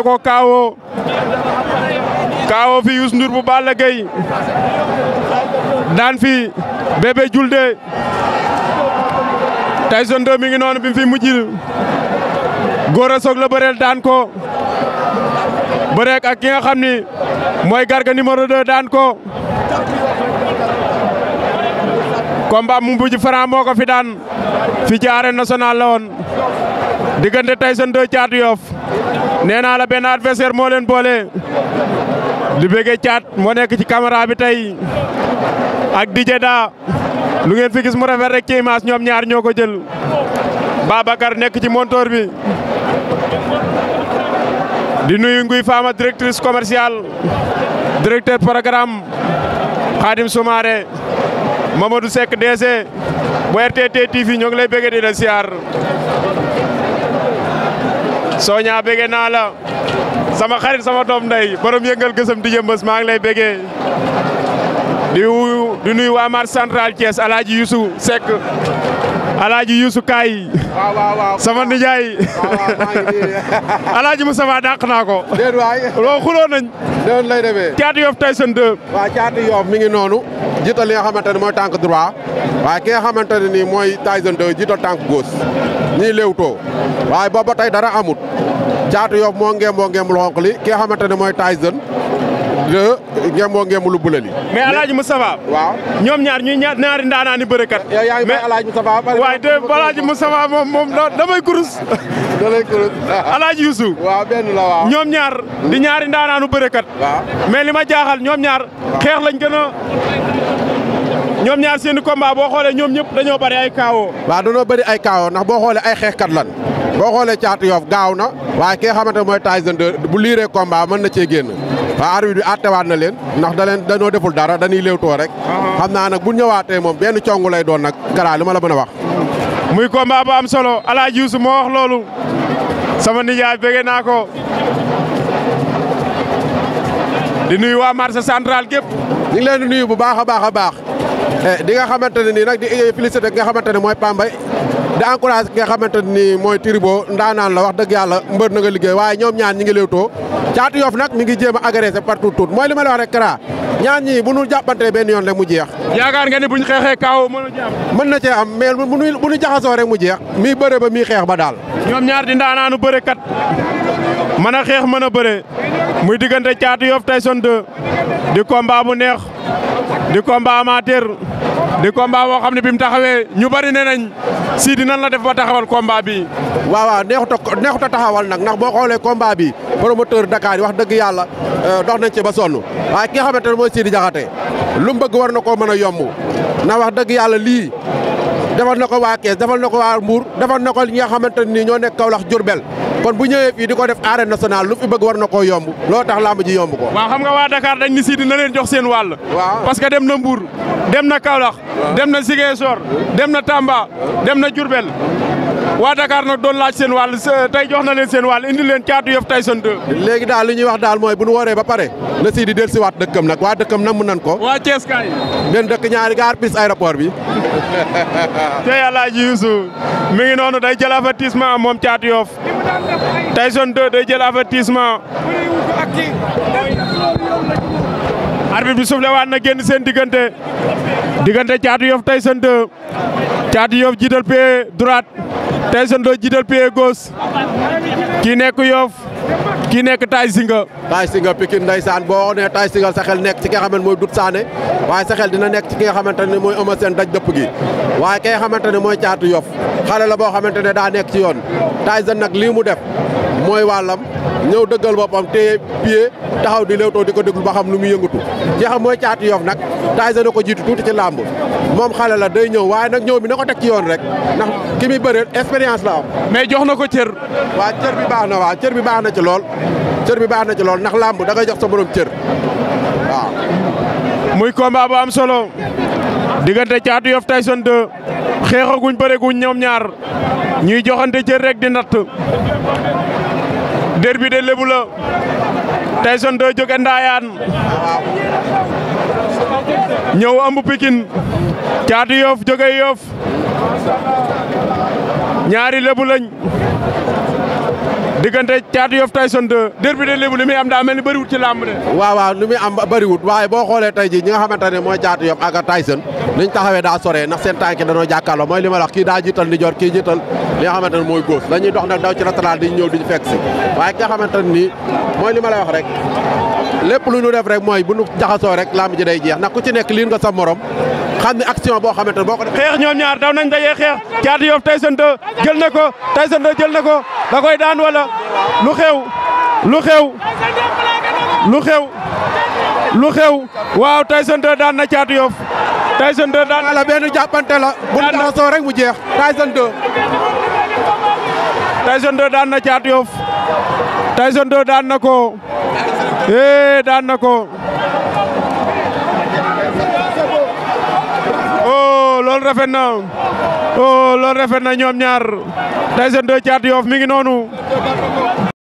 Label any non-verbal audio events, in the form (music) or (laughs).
ko kaawoo kaawo fi Youssou Ndour bu Balla Gaye daan fi bébé julde Tyson 2 mi ngi noonu bi fi mujjil góor a soog la bëreel daan ko bëreek ak ki nga xam ni mooy garga numéro 2 daan ko combat mu mujj Franc moo ko fi daan fi ci arène nationale la woon diggante Tyson 2 Thiatou Yoff nee naa la benn adversaire moo leen boole di bëggee caat moo nekk ci caméra bi tey ak Dj Da lu ngeen fi gis mu rafet rek ci image ñoom ñaar ñoo ko jël Babacar nekk ci montoor bi di nuyu nguy faama directrice commerciale directeur programme Khadim Soumaré Mamadou Seck DG bu RTT TV ñoo ngi lay bëggee di la siyaar Soña bege naa la sama xarit sama doom ndey borom yëngal gësëm di jëmbës maa ngi lay bëggee di du nuyu waa marché central Thiès yuusu Hadj Youssou Seck El Hadj Kaay. sama nijaay. waaw waaw maa ngi (laughs) naa ko. déedéet waay loolu xulóo nañ. déedéet lay demee. caatu Yoff Tyson 2. waaw caatu Yoff mi ngi noonu. jiital li nga xamante ne mooy tànk droit waaye ki nga xamante ne nii mooy Tyson 2 jiital tànk goos ñii léewtoo waaye booba tey dara amut caatu Yoff moo ngeem moo xonq li ki nga xamante ne mooy Tyson de ngemboo ngemb lu bula li mais alaaji Moustapha waaw ñoom ñaar ñuy ñaar ñaari ndaanaa ni bërëkat mais alaaji Moustapha waaye de alaaji Moustapha moom moom damay kurus (laughs) damay kurus (laughs) alaaji Youssou la ñoom ñaar di ñaari ndaanaanu bërëkat mais li ma jaaxal ñoom ñaar xeex lañ gën a ñoom ñaar seen i combat boo xoolee ñoom ñëpp dañoo bëri ay kaawoo waa dañoo bëri ay kaawoo ndax boo xoolee ay xeexkat lan boo xoolee caatu yoof gaaw na waaye ki nga xamante mooy Tyson 2 bu liiree combat mën na cee génn waaw arbitre bi attewaat na leen ndax da leen dañoo deful dara dañuy léewtoo rek uh-huh. xam naa nag bu ñëwaatee moom benn cong lay doon nag Kara li ma la mën a wax muy combat bu am solo Alaaji Yuusu moo wax loolu sama nijaay bëgg naa ko di nuyu waa marché central gépp ñu leen di nuyu bu baax a baax a baax Eh, di nga xamante ne nii nag di félicité ki nga xamante ne mooy Pambay di encouragé nga xamante ne nii mooy Tiribo ndaanaan la wax dëgg yàlla mbër na nga liggéey waaye ñoom ñaan ñi ngi léewtoo caatu yoof nag mi ngi jéem a agressé partout tout mooy li ma la wax rek kara ñaan ñii bu ñu jàppante benn yoon rek mu jeex. yaakaar nga ni bu ñu xeexee kaw mën na cee am. mën na cee am mais bu ñu bu ñu jaxasoo rek mu jeex. mii bëre ba mii xeex ba daal. ñoom ñaar di ndaanaanu bëre kat mën a xeex mën muy diggante Caatu Yoff Tyson 2 di combat bu neex di combat amateur di combat boo xam ne bi mu taxawee ñu bari ne nañ Sidi nan la def ba taxawal kombaa bi waaw waaw neexut a neexut a taxawal nag ndax boo xoolee combat bi promoteur Dakar yi wax dëgg yàlla euh, dox nañ ci ba sonn waaye ki nga xamante ne mooy Sidi Diakhaté lu mu bëgg war na koo mën a yomb na wax dëgg yàlla lii defal na ko waa Kees defal na ko waa Mbour defal na ko ñi nga xamante nii ñoo nekk Kaolack Diourbel kon bu ñëwee fii di ko def arène nationale lu fi bëgg war na koo yomb loo tax lamb ji yomb ko waaw xam nga waa Dakar dañ ni Sidi na leen jox seen wàll waaw parce que dem na Mbour dem na Kaolack dem na Ziguinchor dem na Tamba dem na Diourbel waa dakaar na doon laaj seen wàll tey jox na leen seen wàll indi leen caatu yëf Tyson 2 léegi daal li ñuy wax daal mooy bu ñu waree ba pare na Sidi dellusiwaat dëkkam nag waa dëkkam namm nan ko waa Thiès kaay benn dëkk ñaari gaar bis aéroport bi (laughs) te Alaaji Yuusu mi ngi noonu day jël avertissement moom Caatu Yoff Tyson 2 day jël avertissement arbitre bi soufflé waat na génn seen diggante diggante Caatu Yoff Tyson 2 Caatu Yoff jiital pied droite Tyson 2 jiital pied gauche kii nekk Yoff kii nekk Tay Singa Tay Singa Pikine ndeysaan boo nee Tay Singa sa xel nekk ci ki nga xamante mooy Doudou Sané waaye sa xel dina nekk ci ki nga xamante ne mooy Eumeu seen daj dëpp gi waaye ki nga xamante ne mooy Caatu Yoff xale la boo xamante ne daa nekk ci yoon Tyson nag lii mu def mooy wàllam ñëw dëggal boppam téye pied taxaw di léewtoo di ko déglu ba xam lu muy yëngatu jeexam mooy caatu yof nag Tyson na ko jiitu tuuti ci làmb moom xale la day ñëw waaye nag ñëw mi na ko teg ci yoon rek ndax ki muy bëreel expérience la am. mais jox na ko cër. waa cër bi baax na waaw cër bi baax na ci lool cër bi baax na ci lool ndax làmb da ngay jox sa borom cër waaw. muy combat bu am solo diggante caatu yof Tyson 2 xeexaguñ bëreguñ ñoom ñaar ñuy joxante cër rek di derbi de lébu la Tyson 2 jóge Ndaayaan ñëw ëmb Pikine caatu Yoff jóge yoof ñaari lébu lañ diggante Thiatou Yoff Tyson 2 derby de Lébu li muy am daa mel ni bëriwut ci làmb de waaw waaw muy am bëriwut waaye boo xoolee tey ji ñi nga xamante ne mooy Thiatou Yoff ak Tyson niñ taxawee daa soree ndax seen tànk danoo jàkkaarloo mooy li ma wax kii daa jiital ni jor kii jiital li nga xamante ne mooy góos dañuy dox nag daw ci latéral di ñëw di ñu fekk si waaye ki nga xamante ne nii mooy li ma lay wax rek lépp lu ñu def rek mooy bu nu jaxasoo rek laa ji day jeex ndax ku ci nekk liin nga sa morom xam ne action boo xamante ne boo ko def xeex ñoom ñaar daw nañ dajee xeex Caatu Yoff Tyson jël na ko Tyson 2 jël na ko da koy daan wala lu xew lu xew lu xew lu xew waaw Tyson 2 daan na Caatu Yoff Tyson daan na la benn jàppante la bu jeex Tyson 2 Tyson 2 daan na ko ee eh, daan na ko oh loolu rafet na oh, loolu rafet na ñoom ñaar Tyson 2 Thiatou Yoff mi ngi noonu